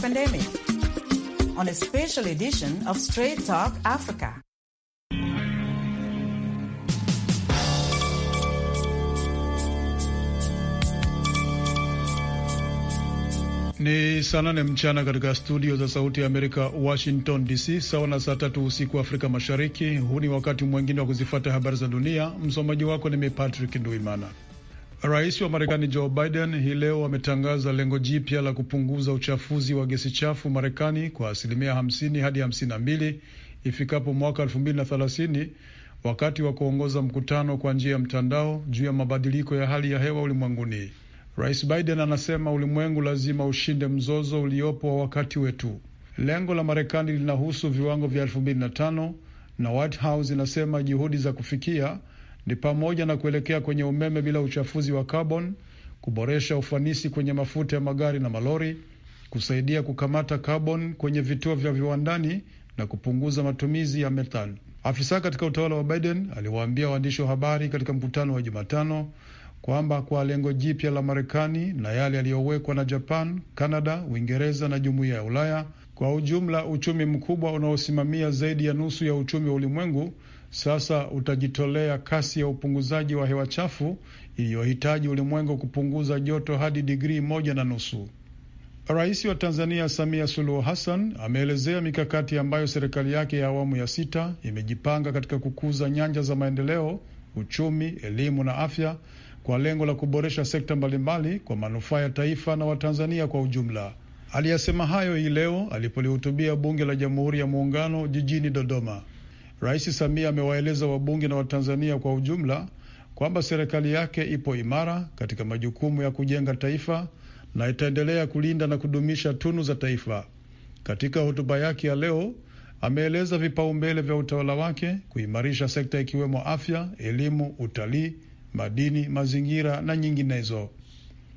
pandemic on a special edition of Straight Talk Africa. Ni saa nane mchana katika studio za Sauti ya Amerika, Washington DC, sawa na saa tatu usiku wa Afrika Mashariki. Huu ni wakati mwengine wa kuzifata habari za dunia. Msomaji wako ni mimi Patrick Nduimana. Rais wa Marekani Joe Biden hii leo ametangaza lengo jipya la kupunguza uchafuzi wa gesi chafu Marekani kwa asilimia 50 hadi 52 ifikapo mwaka elfu wakati wa kuongoza mkutano kwa njia ya mtandao juu ya mabadiliko ya hali ya hewa ulimwenguni. Rais Biden anasema ulimwengu lazima ushinde mzozo uliopo wa wakati wetu. Lengo la Marekani linahusu viwango vya 25 na na White House inasema juhudi za kufikia ni pamoja na kuelekea kwenye umeme bila uchafuzi wa kabon kuboresha ufanisi kwenye mafuta ya magari na malori, kusaidia kukamata kabon kwenye vituo vya viwandani na kupunguza matumizi ya methan. Afisa katika utawala wa Biden aliwaambia waandishi wa habari katika mkutano wa Jumatano kwamba kwa lengo jipya la Marekani na yale yaliyowekwa na Japan, Kanada, Uingereza na jumuiya ya Ulaya kwa ujumla, uchumi mkubwa unaosimamia zaidi ya nusu ya uchumi wa ulimwengu sasa utajitolea kasi ya upunguzaji wa hewa chafu iliyohitaji ulimwengu kupunguza joto hadi digrii moja na nusu. Rais wa Tanzania Samia Suluhu Hassan ameelezea mikakati ambayo serikali yake ya awamu ya sita imejipanga katika kukuza nyanja za maendeleo, uchumi, elimu na afya kwa lengo la kuboresha sekta mbalimbali kwa manufaa ya taifa na Watanzania kwa ujumla. Aliyasema hayo hii leo alipolihutubia Bunge la Jamhuri ya Muungano jijini Dodoma. Rais Samia amewaeleza wabunge na Watanzania kwa ujumla kwamba serikali yake ipo imara katika majukumu ya kujenga taifa na itaendelea kulinda na kudumisha tunu za taifa. Katika hotuba yake ya leo ameeleza vipaumbele vya utawala wake kuimarisha sekta ikiwemo afya, elimu, utalii, madini, mazingira na nyinginezo.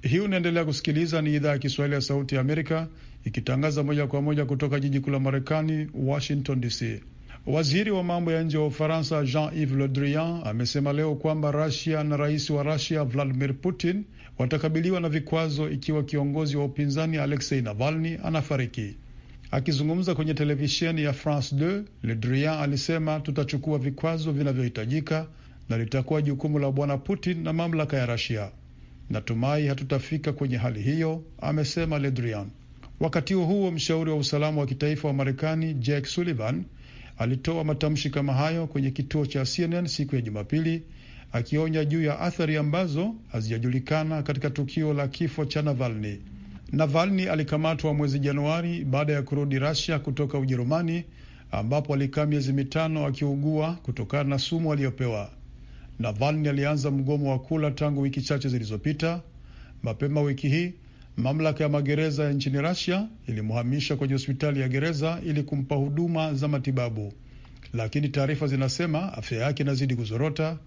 Hii unaendelea kusikiliza, ni idhaa ya Kiswahili ya Sauti ya Amerika ikitangaza moja kwa moja kutoka jiji kuu la Marekani, Washington DC. Waziri wa mambo ya nje wa Ufaransa Jean-Yves Le Drian amesema leo kwamba Rasia na rais wa Rasia Vladimir Putin watakabiliwa na vikwazo ikiwa kiongozi wa upinzani Alexei Navalny anafariki. Akizungumza kwenye televisheni ya France 2, Le Drian alisema tutachukua vikwazo vinavyohitajika na litakuwa jukumu la bwana Putin na mamlaka ya Rasia. Natumai hatutafika kwenye hali hiyo, amesema Le Drian. Wakati huo huo, mshauri wa usalama wa kitaifa wa Marekani Jake Sullivan Alitoa matamshi kama hayo kwenye kituo cha CNN siku ya Jumapili, akionya juu ya athari ambazo hazijajulikana katika tukio la kifo cha Navalny. Navalny alikamatwa mwezi Januari baada ya kurudi Russia kutoka Ujerumani ambapo alikaa miezi mitano akiugua kutokana na sumu aliyopewa. Navalny alianza mgomo wa kula tangu wiki chache zilizopita. Mapema wiki hii Mamlaka ya magereza ya nchini Rasia ilimhamisha kwenye hospitali ya gereza ili kumpa huduma za matibabu, lakini taarifa zinasema afya yake inazidi kuzorota,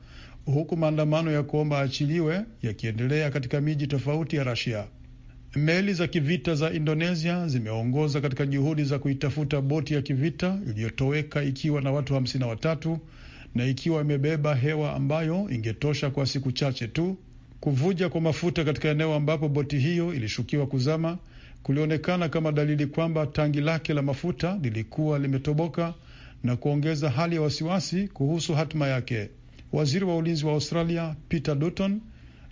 huku maandamano ya kuomba aachiliwe yakiendelea katika miji tofauti ya Rasia. Meli za kivita za Indonesia zimeongoza katika juhudi za kuitafuta boti ya kivita iliyotoweka ikiwa na watu hamsini na watatu na ikiwa imebeba hewa ambayo ingetosha kwa siku chache tu Kuvuja kwa mafuta katika eneo ambapo boti hiyo ilishukiwa kuzama kulionekana kama dalili kwamba tangi lake la mafuta lilikuwa limetoboka na kuongeza hali ya wasiwasi kuhusu hatima yake. Waziri wa ulinzi wa Australia Peter Dutton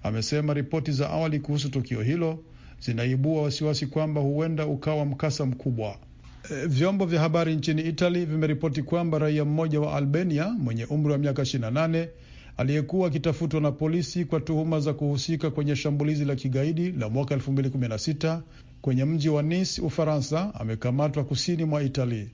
amesema ripoti za awali kuhusu tukio hilo zinaibua wasiwasi kwamba huenda ukawa mkasa mkubwa. E, vyombo vya habari nchini Italy vimeripoti kwamba raia mmoja wa Albania mwenye umri wa miaka aliyekuwa akitafutwa na polisi kwa tuhuma za kuhusika kwenye shambulizi la kigaidi la mwaka 2016 kwenye mji wa Nice, Ufaransa, amekamatwa kusini mwa Itali.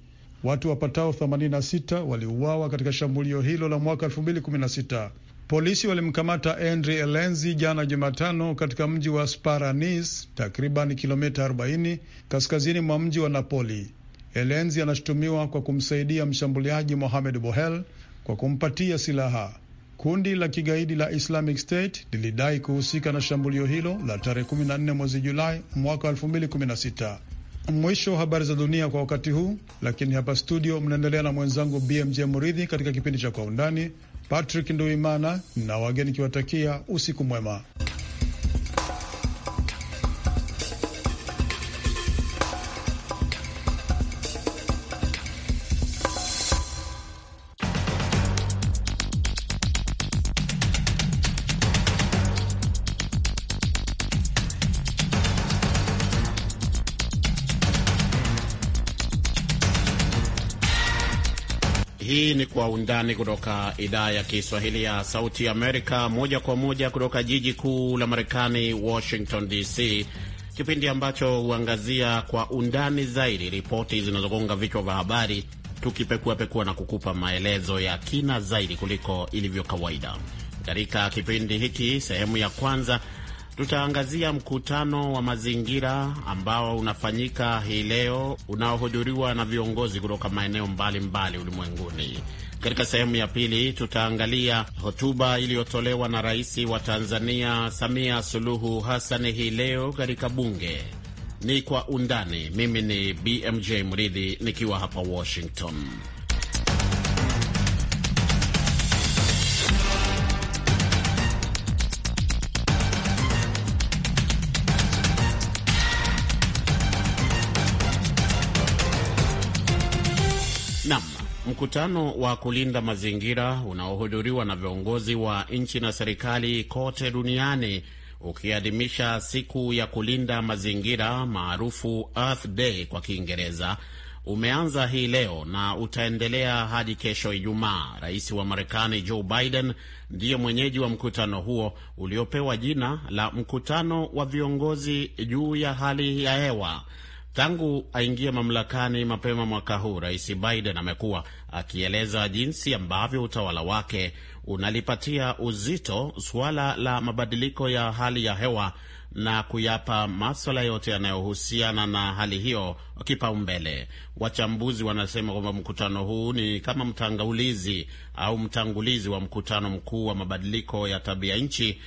Watu wapatao 86 waliuawa katika shambulio hilo la mwaka 2016. Polisi walimkamata Henry Elenzi jana Jumatano katika mji wa Sparanis, takriban kilomita 40 kaskazini mwa mji wa Napoli. Elenzi anashutumiwa kwa kumsaidia mshambuliaji Mohamed Bohel kwa kumpatia silaha. Kundi la kigaidi la Islamic State lilidai kuhusika na shambulio hilo la tarehe 14 mwezi Julai mwaka 2016. Mwisho wa habari za dunia kwa wakati huu, lakini hapa studio mnaendelea na mwenzangu BMJ Muridhi katika kipindi cha Kwa Undani. Patrick Nduimana na wageni kiwatakia usiku mwema. undani kutoka idhaa ya Kiswahili ya Sauti Amerika, moja kwa moja kutoka jiji kuu la Marekani, Washington DC, kipindi ambacho huangazia kwa undani zaidi ripoti zinazogonga vichwa vya habari, tukipekuapekua na kukupa maelezo ya kina zaidi kuliko ilivyo kawaida. Katika kipindi hiki, sehemu ya kwanza, tutaangazia mkutano wa mazingira ambao unafanyika hii leo unaohudhuriwa na viongozi kutoka maeneo mbalimbali ulimwenguni. Katika sehemu ya pili tutaangalia hotuba iliyotolewa na rais wa Tanzania Samia Suluhu Hassan hii leo katika bunge. Ni kwa undani. Mimi ni BMJ Mridhi nikiwa hapa Washington. Mkutano wa kulinda mazingira unaohudhuriwa na viongozi wa nchi na serikali kote duniani ukiadhimisha siku ya kulinda mazingira maarufu Earth Day kwa Kiingereza umeanza hii leo na utaendelea hadi kesho Ijumaa. Rais wa Marekani Joe Biden ndiye mwenyeji wa mkutano huo uliopewa jina la mkutano wa viongozi juu ya hali ya hewa Tangu aingie mamlakani mapema mwaka huu, Rais Biden amekuwa akieleza jinsi ambavyo utawala wake unalipatia uzito suala la mabadiliko ya hali ya hewa na kuyapa maswala yote yanayohusiana na hali hiyo kipaumbele. Wachambuzi wanasema kwamba mkutano huu ni kama mtangaulizi au mtangulizi wa mkutano mkuu wa mabadiliko ya tabia nchi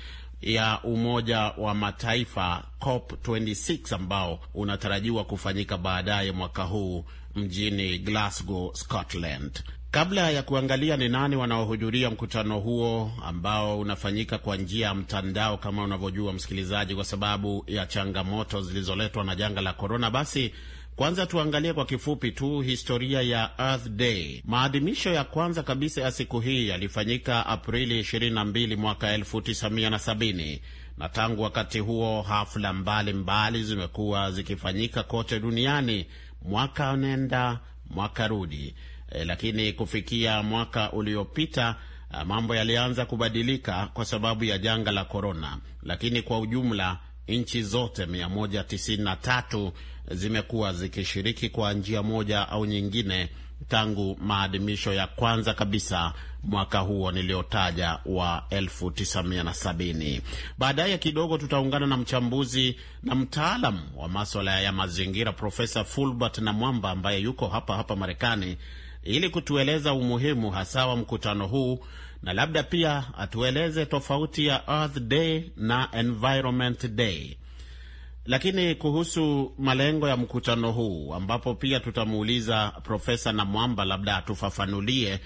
ya Umoja wa Mataifa COP 26 ambao unatarajiwa kufanyika baadaye mwaka huu mjini Glasgow, Scotland. Kabla ya kuangalia ni nani wanaohudhuria mkutano huo ambao unafanyika kwa njia ya mtandao kama unavyojua msikilizaji, kwa sababu ya changamoto zilizoletwa na janga la korona, basi kwanza tuangalie kwa kifupi tu historia ya Earth Day. Maadhimisho ya kwanza kabisa ya siku hii yalifanyika Aprili 22 mwaka 1970 na tangu wakati huo hafla mbalimbali zimekuwa zikifanyika kote duniani, mwaka nenda mwaka rudi. E, lakini kufikia mwaka uliopita e, mambo yalianza kubadilika kwa sababu ya janga la korona, lakini kwa ujumla nchi zote 193 zimekuwa zikishiriki kwa njia moja au nyingine tangu maadhimisho ya kwanza kabisa mwaka huo niliotaja wa 1970. Baadaye kidogo tutaungana na mchambuzi na mtaalam wa maswala ya mazingira Profesa Fulbert na Mwamba ambaye yuko hapa hapa Marekani ili kutueleza umuhimu hasa wa mkutano huu na labda pia atueleze tofauti ya Earth Day na Environment Day. Lakini kuhusu malengo ya mkutano huu, ambapo pia tutamuuliza Profesa Namwamba labda atufafanulie,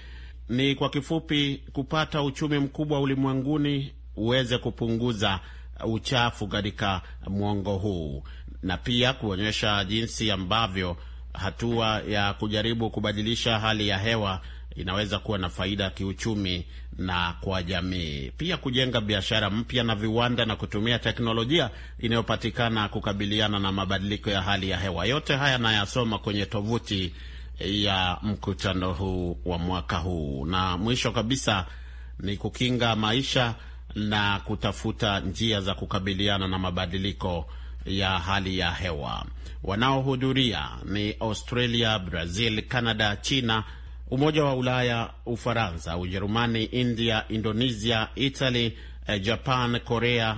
ni kwa kifupi kupata uchumi mkubwa ulimwenguni uweze kupunguza uchafu katika mwongo huu na pia kuonyesha jinsi ambavyo hatua ya kujaribu kubadilisha hali ya hewa inaweza kuwa na faida ya kiuchumi na kwa jamii, pia kujenga biashara mpya na viwanda na kutumia teknolojia inayopatikana kukabiliana na mabadiliko ya hali ya hewa. Yote haya nayasoma kwenye tovuti ya mkutano huu wa mwaka huu. Na mwisho kabisa ni kukinga maisha na kutafuta njia za kukabiliana na mabadiliko ya hali ya hewa. Wanaohudhuria ni Australia, Brazil, Canada, China, Umoja wa Ulaya, Ufaransa, Ujerumani, India, Indonesia, Italy, eh, Japan, Korea,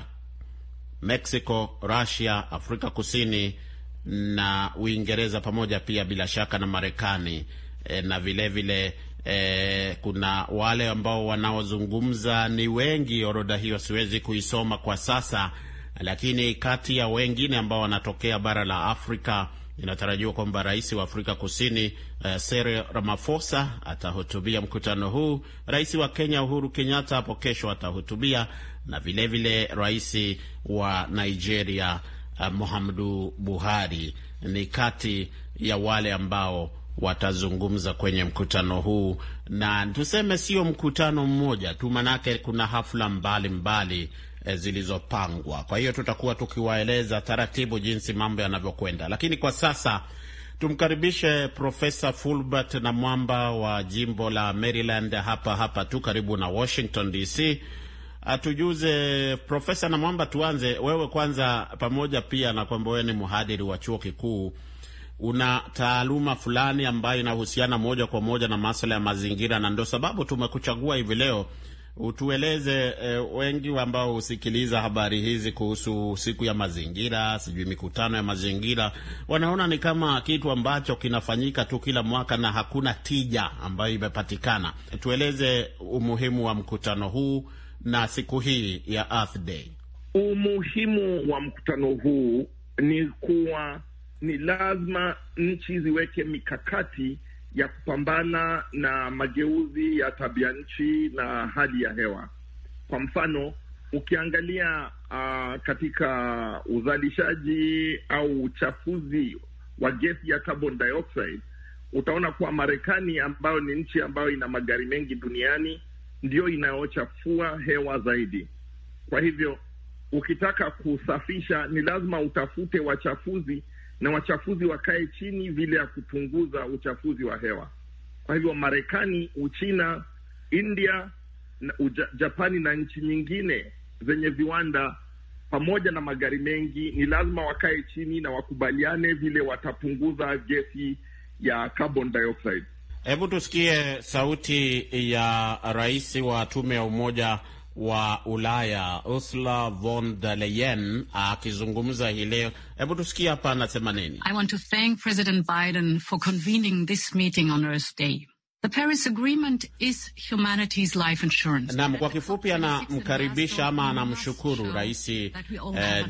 Mexico, Russia, Afrika Kusini na Uingereza pamoja pia bila shaka na Marekani e, na vilevile vile, e, kuna wale ambao wanaozungumza ni wengi. Orodha hiyo siwezi kuisoma kwa sasa, lakini kati ya wengine ambao wanatokea bara la Afrika Inatarajiwa kwamba rais wa Afrika Kusini uh, Cyril Ramaphosa atahutubia mkutano huu. Rais wa Kenya Uhuru Kenyatta hapo kesho atahutubia, na vilevile rais wa Nigeria uh, Muhammadu Buhari ni kati ya wale ambao watazungumza kwenye mkutano huu, na tuseme sio mkutano mmoja tu, manake kuna hafla mbalimbali mbali Eh, zilizopangwa. Kwa hiyo tutakuwa tukiwaeleza taratibu jinsi mambo yanavyokwenda, lakini kwa sasa tumkaribishe Profesa Fulbert na Mwamba wa jimbo la Maryland hapa hapa tu karibu na Washington DC atujuze. Profesa na Mwamba, tuanze wewe kwanza, pamoja pia na kwamba wewe ni mhadiri wa chuo kikuu una taaluma fulani ambayo inahusiana moja kwa moja na masuala ya mazingira, na ndio sababu tumekuchagua hivi leo utueleze e, wengi ambao husikiliza habari hizi kuhusu siku ya mazingira, sijui mikutano ya mazingira, wanaona ni kama kitu ambacho kinafanyika tu kila mwaka na hakuna tija ambayo imepatikana. Tueleze umuhimu wa mkutano huu na siku hii ya Earth Day. Umuhimu wa mkutano huu ni kuwa ni lazima nchi ziweke mikakati ya kupambana na mageuzi ya tabia nchi na hali ya hewa. Kwa mfano, ukiangalia uh, katika uzalishaji au uchafuzi wa gesi ya carbon dioxide, utaona kuwa Marekani ambayo ni nchi ambayo ina magari mengi duniani ndiyo inayochafua hewa zaidi. Kwa hivyo ukitaka kusafisha, ni lazima utafute wachafuzi na wachafuzi wakae chini vile ya kupunguza uchafuzi wa hewa. Kwa hivyo Marekani, Uchina, India na uja, Japani na nchi nyingine zenye viwanda pamoja na magari mengi ni lazima wakae chini na wakubaliane vile watapunguza gesi ya carbon dioxide. Hebu tusikie sauti ya rais wa tume ya Umoja wa Ulaya Ursula von der Leyen akizungumza hii leo. Hebu tusikia hapa anasema nini. I want to thank President Biden for convening this meeting on Earth Day. The Paris Agreement is humanity's life insurance. Naam, kwa kifupi anamkaribisha ama anamshukuru Rais eh,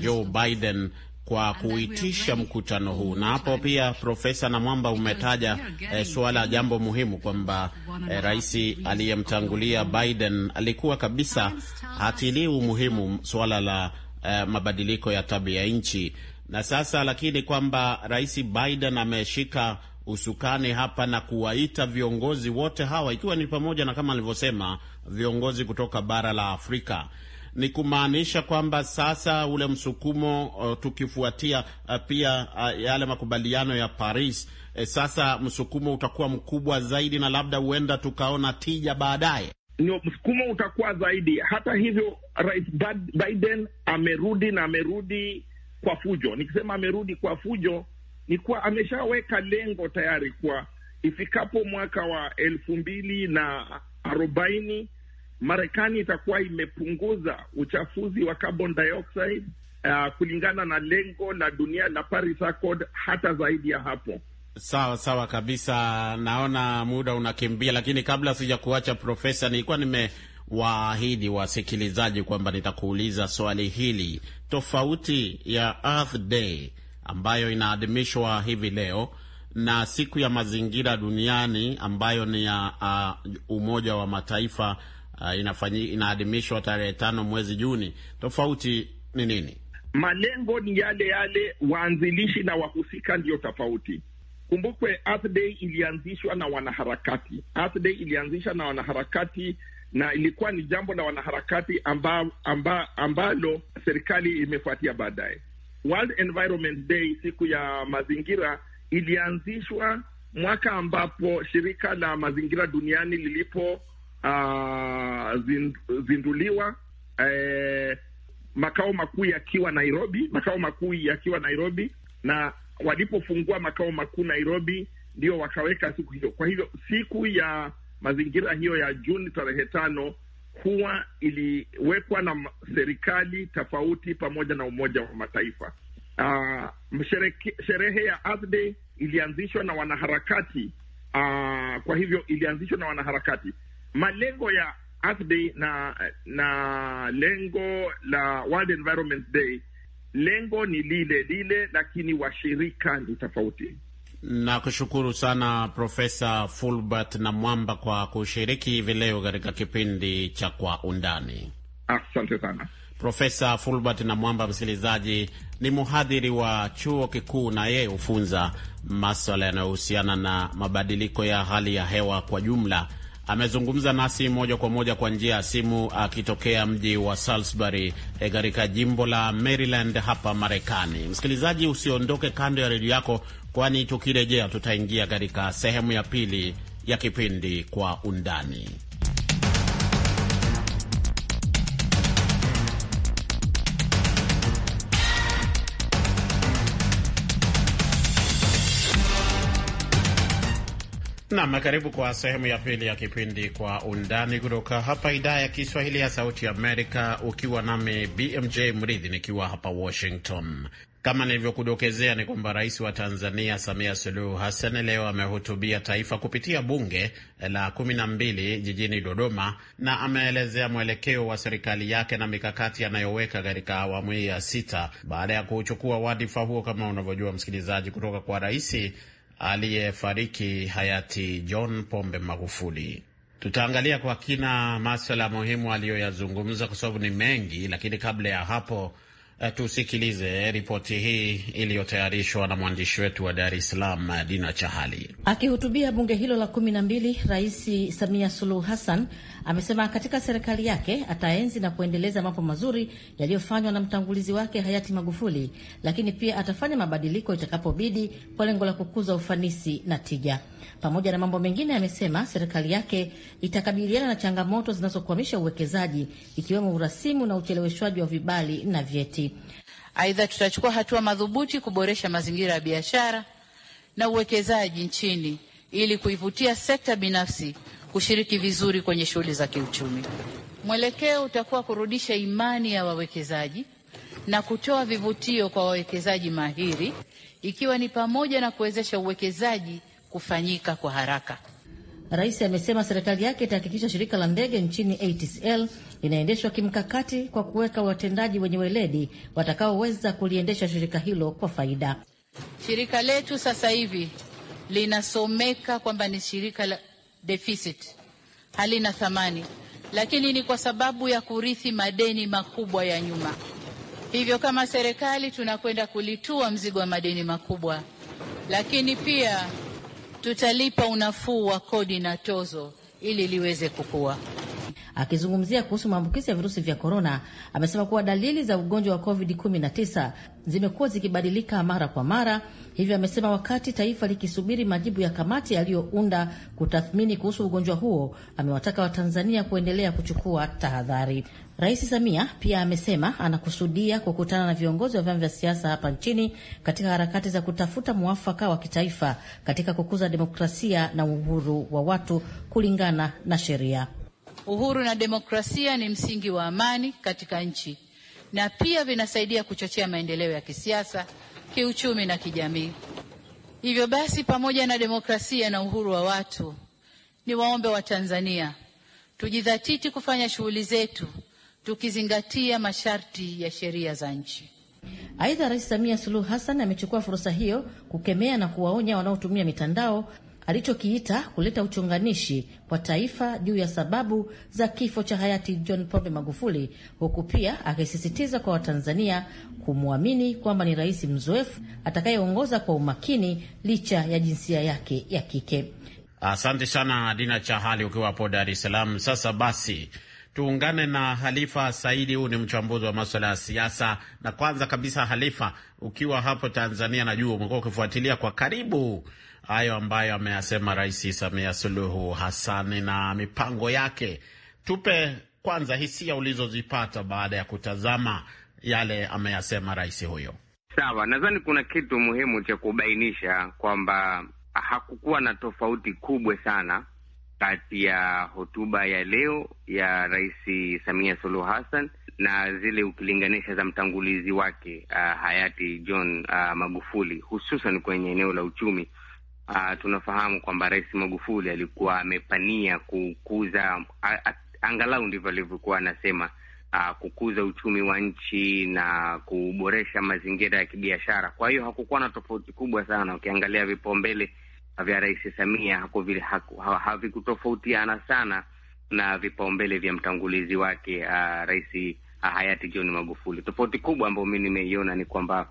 Joe Biden kwa kuitisha mkutano huu, na hapo pia Profesa Namwamba umetaja eh, suala jambo muhimu kwamba eh, rais aliyemtangulia Biden alikuwa kabisa hatilii umuhimu suala la eh, mabadiliko ya tabia nchi, na sasa lakini kwamba rais Biden ameshika usukani hapa na kuwaita viongozi wote hawa ikiwa ni pamoja na kama alivyosema viongozi kutoka bara la Afrika ni kumaanisha kwamba sasa ule msukumo uh, tukifuatia uh, pia uh, yale makubaliano ya Paris eh, sasa msukumo utakuwa mkubwa zaidi na labda huenda tukaona tija baadaye. No, msukumo utakuwa zaidi. Hata hivyo, Rais Biden amerudi na amerudi kwa fujo. Nikisema amerudi kwa fujo ni kuwa ameshaweka lengo tayari kwa ifikapo mwaka wa elfu mbili na arobaini Marekani itakuwa imepunguza uchafuzi wa carbon dioxide uh, kulingana na lengo la dunia la Paris Accord hata zaidi ya hapo. Sawa sawa kabisa, naona muda unakimbia, lakini kabla sija kuacha Profesa, nilikuwa nimewaahidi wasikilizaji kwamba nitakuuliza swali hili. Tofauti ya Earth Day ambayo inaadhimishwa hivi leo na siku ya mazingira duniani ambayo ni ya uh, Umoja wa Mataifa uh, inaadhimishwa tarehe tano mwezi Juni. Tofauti ni nini? Malengo ni yale yale, waanzilishi na wahusika ndiyo tofauti. Kumbukwe, Earth Day ilianzishwa na wanaharakati. Earth Day ilianzishwa na wanaharakati na ilikuwa ni jambo la wanaharakati amba, amba, ambalo serikali imefuatia baadaye. World Environment Day, siku ya mazingira, ilianzishwa mwaka ambapo shirika la mazingira duniani lilipo uh, zinduliwa eh, makao makuu yakiwa Nairobi, makao makuu yakiwa Nairobi, na walipofungua makao makuu Nairobi ndio wakaweka siku hiyo. Kwa hivyo siku ya mazingira hiyo ya Juni tarehe tano huwa iliwekwa na serikali tofauti pamoja na Umoja wa Mataifa. Uh, mshereke, sherehe ya Earth Day ilianzishwa na wanaharakati uh, kwa hivyo ilianzishwa na wanaharakati malengo ya Earth Day na na lengo la World Environment Day, lengo ni lile lile, lakini washirika ni tofauti. Nakushukuru sana Profesa Fulbert na Mwamba kwa kushiriki hivi leo katika kipindi cha Kwa Undani. Asante sana Profesa Fulbert na Mwamba. Msikilizaji, ni mhadhiri wa chuo kikuu na yeye hufunza maswala yanayohusiana na mabadiliko ya hali ya hewa kwa jumla amezungumza nasi moja kwa moja kwa njia ya simu akitokea mji wa Salisbury eh, katika jimbo la Maryland hapa Marekani. Msikilizaji, usiondoke kando ya redio yako, kwani tukirejea tutaingia katika sehemu ya pili ya kipindi Kwa Undani. Nam, karibu kwa sehemu ya pili ya kipindi Kwa Undani kutoka hapa idhaa ya Kiswahili ya Sauti Amerika, ukiwa nami BMJ Mridhi nikiwa hapa Washington. Kama nilivyokudokezea ni kwamba rais wa Tanzania Samia Suluhu Hassan leo amehutubia taifa kupitia bunge la kumi na mbili jijini Dodoma, na ameelezea mwelekeo wa serikali yake na mikakati anayoweka katika awamu hii ya sita baada ya kuchukua wadhifa huo, kama unavyojua msikilizaji, kutoka kwa raisi aliyefariki hayati John Pombe Magufuli. Tutaangalia kwa kina maswala muhimu aliyoyazungumza kwa sababu ni mengi, lakini kabla ya hapo Eh, tusikilize ripoti hii iliyotayarishwa na mwandishi wetu wa Dar es Salaam, Dina Chahali. Akihutubia bunge hilo la kumi na mbili, Rais Samia Suluhu Hassan amesema katika serikali yake ataenzi na kuendeleza mambo mazuri yaliyofanywa na mtangulizi wake hayati Magufuli, lakini pia atafanya mabadiliko itakapobidi kwa lengo la kukuza ufanisi na tija. Pamoja na mambo mengine, amesema serikali yake itakabiliana na changamoto zinazokwamisha uwekezaji ikiwemo urasimu na ucheleweshwaji wa vibali na vyeti. Aidha, tutachukua hatua madhubuti kuboresha mazingira ya biashara na uwekezaji nchini ili kuivutia sekta binafsi kushiriki vizuri kwenye shughuli za kiuchumi. Mwelekeo utakuwa kurudisha imani ya wawekezaji na kutoa vivutio kwa wawekezaji mahiri ikiwa ni pamoja na kuwezesha uwekezaji kufanyika kwa haraka. Rais amesema serikali yake itahakikisha shirika la ndege nchini ATCL linaendeshwa kimkakati kwa kuweka watendaji wenye weledi watakaoweza kuliendesha shirika hilo kwa faida. Shirika letu sasa hivi linasomeka kwamba ni shirika la deficit, halina thamani, lakini ni kwa sababu ya kurithi madeni makubwa ya nyuma. Hivyo kama serikali tunakwenda kulitua mzigo wa madeni makubwa, lakini pia tutalipa unafuu wa kodi na tozo ili liweze kukua. Akizungumzia kuhusu maambukizi ya virusi vya korona, amesema kuwa dalili za ugonjwa wa COVID-19 zimekuwa zikibadilika mara kwa mara. Hivyo amesema wakati taifa likisubiri majibu ya kamati yaliyounda kutathmini kuhusu ugonjwa huo, amewataka Watanzania kuendelea kuchukua tahadhari. Rais Samia pia amesema anakusudia kukutana na viongozi wa vyama vya siasa hapa nchini katika harakati za kutafuta mwafaka wa kitaifa katika kukuza demokrasia na uhuru wa watu kulingana na sheria. Uhuru na demokrasia ni msingi wa amani katika nchi na pia vinasaidia kuchochea maendeleo ya kisiasa, kiuchumi na kijamii. Hivyo basi, pamoja na demokrasia na uhuru wa watu, ni waombe wa tanzania tujidhatiti kufanya shughuli zetu tukizingatia masharti ya sheria za nchi. Aidha, Rais Samia Suluhu Hassan amechukua fursa hiyo kukemea na kuwaonya wanaotumia mitandao alichokiita kuleta uchonganishi kwa taifa juu ya sababu za kifo cha hayati John Pombe Magufuli, huku pia akisisitiza kwa Watanzania kumwamini kwamba ni rais mzoefu atakayeongoza kwa umakini licha ya jinsia yake ya kike. Asante sana Dina Chahali ukiwa hapo Dar es Salaam. Sasa basi tuungane na Halifa Saidi, huu ni mchambuzi wa maswala ya siasa. Na kwanza kabisa, Halifa, ukiwa hapo Tanzania, najua umekuwa ukifuatilia kwa karibu hayo ambayo ameyasema Rais Samia Suluhu hasani na mipango yake. Tupe kwanza hisia ulizozipata baada ya kutazama yale ameyasema rais huyo. Sawa, nadhani kuna kitu muhimu cha kubainisha kwamba hakukuwa na tofauti kubwa sana kati ya hotuba ya leo ya Rais Samia Suluhu Hassan na zile ukilinganisha za mtangulizi wake uh, hayati John uh, Magufuli, hususan kwenye eneo la uchumi uh, tunafahamu kwamba Rais Magufuli alikuwa amepania kukuza uh, angalau ndivyo alivyokuwa anasema uh, kukuza uchumi wa nchi na kuboresha mazingira ya kibiashara. Kwa hiyo hakukuwa na tofauti kubwa sana, ukiangalia vipaumbele vya Rais Samia havikutofautiana sana na vipaumbele vya mtangulizi wake uh, Rais uh, hayati John Magufuli. Tofauti kubwa ambayo mi nimeiona ni kwamba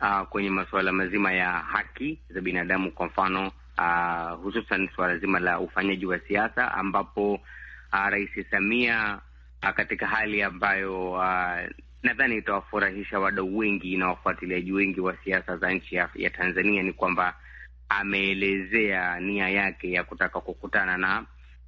uh, kwenye masuala mazima ya haki za binadamu, kwa mfano uh, hususan suala zima la ufanyaji wa siasa ambapo uh, Rais Samia uh, katika hali ambayo uh, nadhani itawafurahisha wadau wengi na wafuatiliaji wengi wa siasa za nchi ya, ya Tanzania ni kwamba ameelezea nia yake ya kutaka kukutana na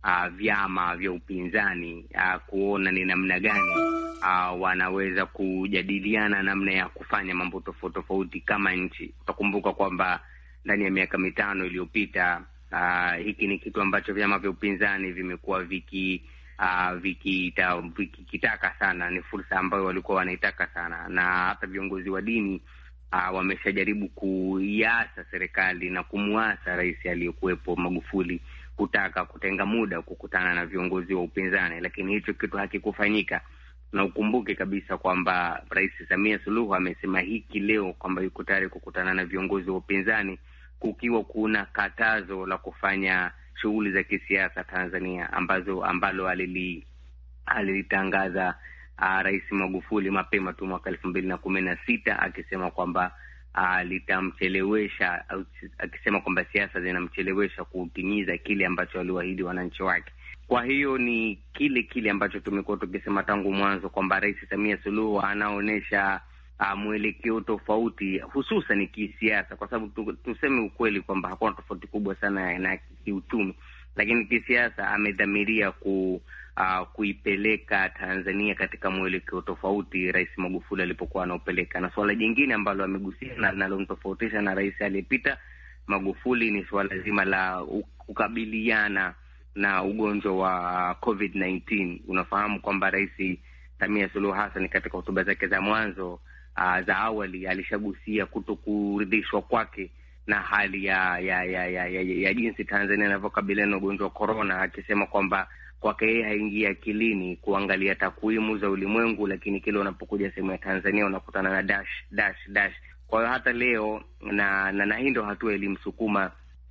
uh, vyama vya upinzani uh, kuona ni namna gani uh, wanaweza kujadiliana namna ya kufanya mambo tofauti tofauti kama nchi. Utakumbuka kwamba ndani ya miaka mitano iliyopita uh, hiki ni kitu ambacho vyama vya upinzani vimekuwa viki Uh, vikita, vikitaka sana, ni fursa ambayo walikuwa wanaitaka sana, na hata viongozi wa dini uh, wameshajaribu kuiasa serikali na kumwasa rais aliyekuwepo Magufuli kutaka kutenga muda kukutana na viongozi wa upinzani, lakini hicho kitu hakikufanyika. Na ukumbuke kabisa kwamba Rais Samia Suluhu amesema hiki leo kwamba yuko tayari kukutana na viongozi wa upinzani kukiwa kuna katazo la kufanya shughuli za kisiasa Tanzania ambazo ambalo alilitangaza ah, Rais Magufuli mapema tu mwaka elfu mbili na kumi na sita akisema kwamba litamchelewesha akisema kwamba siasa zinamchelewesha kutimiza kile ambacho aliwaahidi wananchi wake. Kwa hiyo ni kile kile ambacho tumekuwa tukisema tangu mwanzo kwamba Rais Samia Suluhu anaonyesha ah, mwelekeo tofauti, hususan kisiasa, kwa sababu tuseme ukweli kwamba hakuna tofauti kubwa sana na kiuchumi lakini kisiasa amedhamiria ku Uh, kuipeleka Tanzania katika mwelekeo tofauti Rais Magufuli alipokuwa anaopeleka. Na suala jingine ambalo amegusia na linalomtofautisha na rais aliyepita Magufuli ni suala zima la kukabiliana na ugonjwa wa COVID-19. Unafahamu kwamba Rais Samia Suluhu Hassan katika hotuba zake za mwanzo, uh, za awali alishagusia kuto kuridhishwa kwake na hali ya ya ya, ya, ya, ya jinsi Tanzania inavyokabiliana na ugonjwa wa korona, akisema kwamba kwake yeye haingii akilini kuangalia takwimu za ulimwengu, lakini kile unapokuja sehemu ya Tanzania unakutana na dash dash dash. Kwa hiyo hata leo na na, na hii ndo hatua ilimsukuma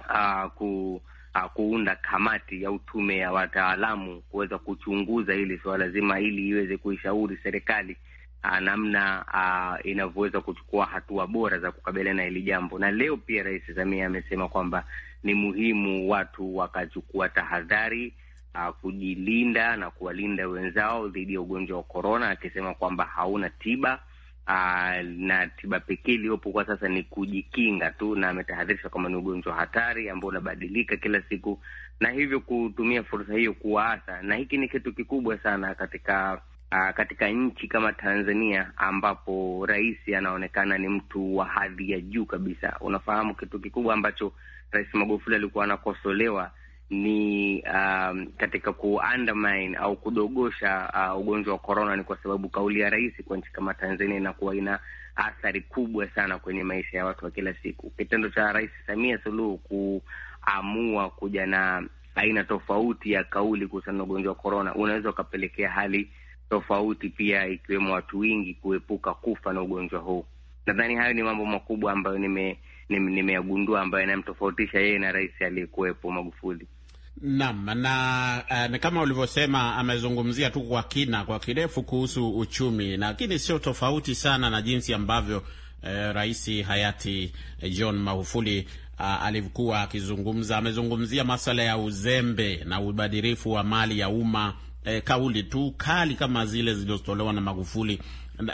uh, ku Uh, kuunda kamati au tume ya wataalamu kuweza kuchunguza hili suala zima ili iweze kuishauri serikali Ah, namna uh, inavyoweza kuchukua hatua bora za kukabiliana na hili jambo. Na leo pia Rais Samia amesema kwamba ni muhimu watu wakachukua tahadhari uh, kujilinda na kuwalinda wenzao dhidi ya ugonjwa wa korona, akisema kwamba hauna tiba uh, na tiba pekee iliyopo kwa sasa ni kujikinga tu, na ametahadharisha kwamba ni ugonjwa hatari ambao unabadilika kila siku, na hivyo kutumia fursa hiyo kuwaasa, na hiki ni kitu kikubwa sana katika uh, katika nchi kama Tanzania ambapo rais anaonekana ni mtu wa hadhi ya juu kabisa. Unafahamu, kitu kikubwa ambacho Rais Magufuli alikuwa anakosolewa ni um, katika ku-undermine au kudogosha uh, ugonjwa wa korona, ni kwa sababu kauli ya rais kwa nchi kama Tanzania inakuwa ina athari kubwa sana kwenye maisha ya watu wa kila siku. Kitendo cha Rais Samia Suluhu kuamua kuja na aina tofauti ya kauli kuhusiana na ugonjwa wa korona unaweza ukapelekea hali tofauti pia, ikiwemo watu wengi kuepuka kufa na ugonjwa huu. Nadhani hayo ni mambo makubwa ambayo nimeyagundua, nime nime ambayo yanamtofautisha yeye na rais aliyekuwepo Magufuli. Naam, na eh, kama ulivyosema, amezungumzia tu kwa kina kwa kirefu kuhusu uchumi, lakini sio tofauti sana na jinsi ambavyo uh, rais hayati eh, John Magufuli uh, ah, alikuwa akizungumza. Amezungumzia masuala ya uzembe na ubadhirifu wa mali ya umma eh, kauli tu kali kama zile zilizotolewa na Magufuli.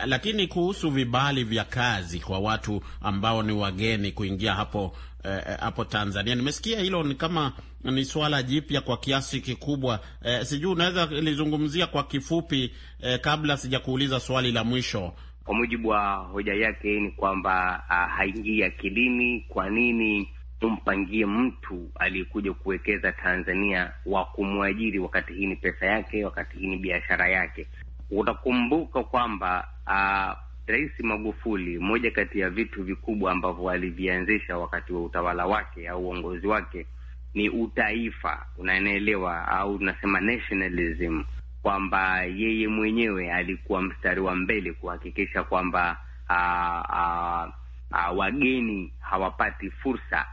Lakini kuhusu vibali vya kazi kwa watu ambao ni wageni kuingia hapo eh, hapo Tanzania, nimesikia hilo ni kama ni swala jipya kwa kiasi kikubwa eh, sijui unaweza lizungumzia kwa kifupi eh, kabla sijakuuliza swali la mwisho. Kwa mujibu wa hoja yake ni kwamba haingii akilini kwa nini tumpangie mtu aliyekuja kuwekeza Tanzania wa kumwajiri, wakati hii ni pesa yake, wakati hii ni biashara yake. Utakumbuka kwamba Rais Magufuli, moja kati ya vitu vikubwa ambavyo alivianzisha wakati wa utawala wake au uongozi wake ni utaifa, unanielewa au tunasema nationalism, kwamba yeye mwenyewe alikuwa mstari wa mbele kuhakikisha kwamba wageni hawapati fursa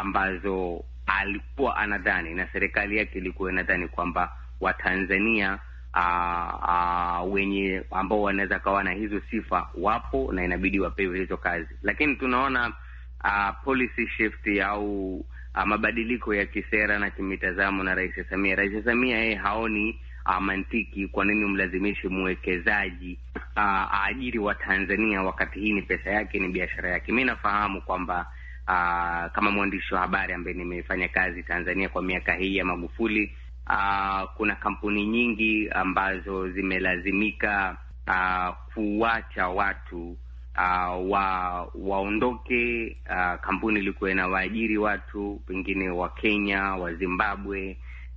ambazo alikuwa anadhani na serikali yake ilikuwa inadhani kwamba Watanzania ah, ah, wenye ambao wanaweza kawa na hizo sifa wapo na inabidi wapewe hizo kazi, lakini tunaona a, ah, policy shift au a, mabadiliko ya kisera na kimitazamo na Rais Samia. Rais Samia yeye haoni a, mantiki kwa nini umlazimishe mwekezaji aajiri Watanzania wakati hii ni pesa yake, ni biashara yake. Mi nafahamu kwamba uh, kama mwandishi wa habari ambaye nimefanya kazi Tanzania kwa miaka hii ya Magufuli, Uh, kuna kampuni nyingi ambazo zimelazimika uh, kuwacha watu Uh, wa waondoke. Uh, kampuni ilikuwa inawaajiri watu pengine wa Kenya, wa Zimbabwe,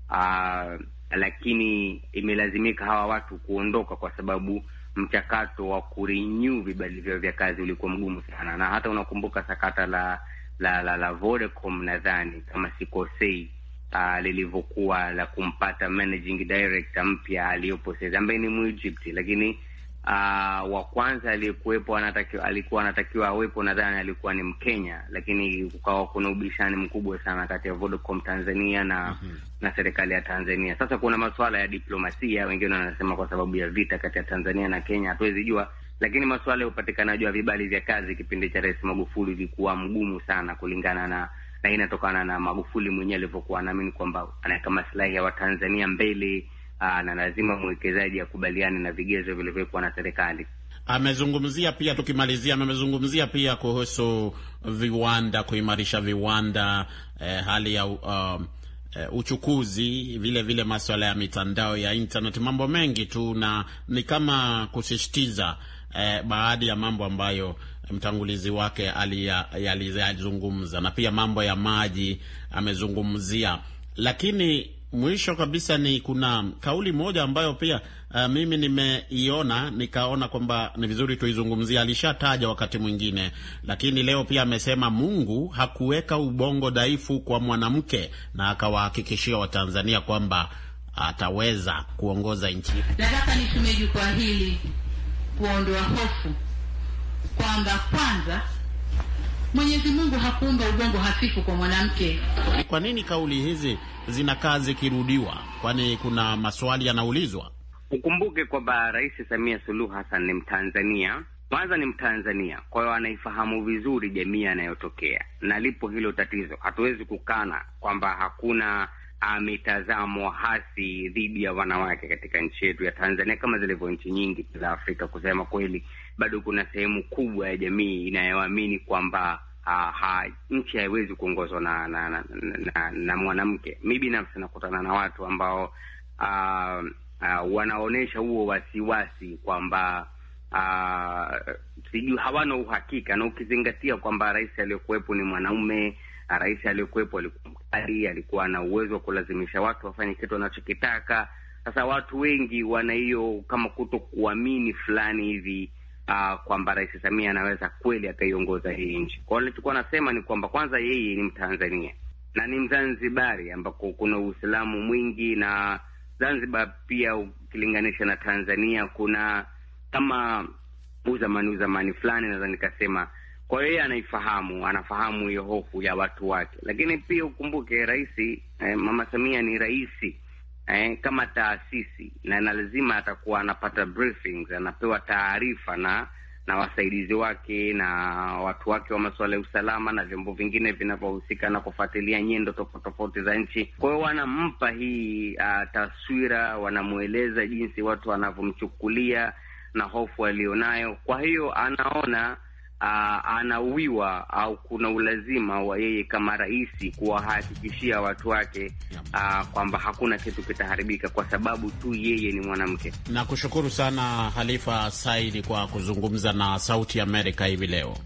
uh, lakini imelazimika hawa watu kuondoka kwa sababu mchakato wa kurenew vibali vyao vya kazi ulikuwa mgumu sana, na hata unakumbuka sakata la la, la, la Vodacom nadhani kama sikosei, uh, lilivyokuwa la kumpata managing director mpya aliyopo sasa ambaye ni Mwegypti, lakini uh, wa kwanza aliyekuwepo alikuwa anatakiwa awepo, nadhani alikuwa ni Mkenya, lakini kukawa kuna ubishani mkubwa sana kati ya Vodacom Tanzania na mm -hmm. na serikali ya Tanzania. Sasa kuna masuala ya diplomasia, wengine wanasema kwa sababu ya vita kati ya Tanzania na Kenya, hatuwezi jua lakini masuala ya upatikanaji wa vibali vya kazi kipindi cha Rais Magufuli ilikuwa mgumu sana, kulingana na na inatokana na Magufuli mwenyewe alivyokuwa anaamini kwamba anaweka maslahi ya Watanzania mbele, ah, na lazima mwekezaji akubaliane na vigezo vilivyokuwa na serikali. Amezungumzia pia tukimalizia, amezungumzia pia kuhusu viwanda, kuimarisha viwanda, eh, hali ya uh, uh, uchukuzi, vile vile maswala ya mitandao ya internet, mambo mengi tu, na ni kama kusisitiza eh, baadhi ya mambo ambayo mtangulizi wake aliyazungumza, na pia mambo ya maji amezungumzia, lakini mwisho kabisa ni kuna kauli moja ambayo pia uh, mimi nimeiona nikaona kwamba ni vizuri tuizungumzie. Alishataja wakati mwingine, lakini leo pia amesema Mungu hakuweka ubongo dhaifu kwa mwanamke, na akawahakikishia Watanzania kwamba ataweza kuongoza nchi. Nataka nitumie jukwaa hili kuondoa hofu kwamba kwanza Mwenyezi Mungu hakuumba ubongo hafifu kwa mwanamke. Kwa nini kauli hizi zinakaa zikirudiwa? Kwani kuna maswali yanaulizwa. Ukumbuke kwamba Rais Samia Suluhu Hassan ni Mtanzania, kwanza ni Mtanzania, kwa hiyo anaifahamu vizuri jamii anayotokea, na lipo hilo tatizo. Hatuwezi kukana kwamba hakuna mitazamo hasi dhidi ya wanawake katika nchi yetu ya Tanzania kama zilivyo nchi nyingi za Afrika. Kusema kweli, bado kuna sehemu kubwa ya jamii inayoamini kwamba ah, nchi haiwezi kuongozwa na, na, na, na, na mwanamke. Mi binafsi nakutana na watu ambao ah, ah, wanaonyesha huo wasiwasi kwamba sijui hawana uhakika, na ukizingatia kwamba rais aliyokuwepo ni mwanaume rais aliyokuwepo alikuwa mkali, alikuwa na uwezo wa kulazimisha watu wafanye kitu wanachokitaka. Sasa watu wengi wana hiyo kama kuto kuamini fulani hivi uh, kwamba Rais Samia anaweza kweli akaiongoza hii nchi. Kwa hiyo nilichokuwa nasema ni kwamba kwanza yeye ni Mtanzania na ni Mzanzibari ambako kuna Uislamu mwingi na Zanzibar pia ukilinganisha na Tanzania kuna kama uzamani uzamani fulani, naweza nikasema kwa hiyo yeye anaifahamu, anafahamu hiyo hofu ya watu wake, lakini pia ukumbuke rais eh, mama Samia ni rais eh, kama taasisi, na lazima atakuwa anapata briefings, anapewa taarifa na na wasaidizi wake na watu wake wa masuala ya usalama na vyombo vingine vinavyohusika na kufuatilia nyendo tofauti tofauti za nchi. Kwa hiyo wanampa hii uh, taswira, wanamweleza jinsi watu wanavyomchukulia na hofu aliyonayo. Kwa hiyo anaona anauiwa au kuna ulazima wa yeye kama rais kuwahakikishia watu wake kwamba hakuna kitu kitaharibika kwa sababu tu yeye ni mwanamke. Na kushukuru sana Halifa Saidi kwa kuzungumza na Sauti Amerika hivi leo.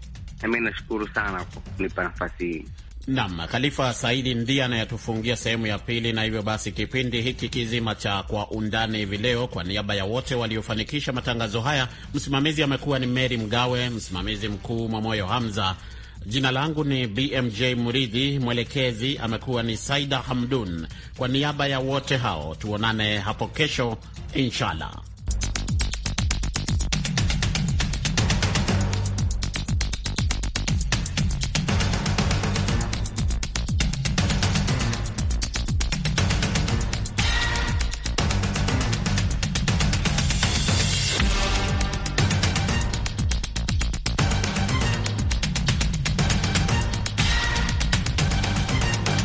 Nami nashukuru sana kwa kunipa nafasi hii. Nam Khalifa Saidi ndiye anayetufungia sehemu ya pili, na hivyo basi kipindi hiki kizima cha Kwa Undani hivi leo, kwa niaba ya wote waliofanikisha matangazo haya, msimamizi amekuwa ni Meri Mgawe, msimamizi mkuu Mwamoyo Hamza, jina langu ni BMJ Muridhi, mwelekezi amekuwa ni Saida Hamdun. Kwa niaba ya wote hao, tuonane hapo kesho inshallah.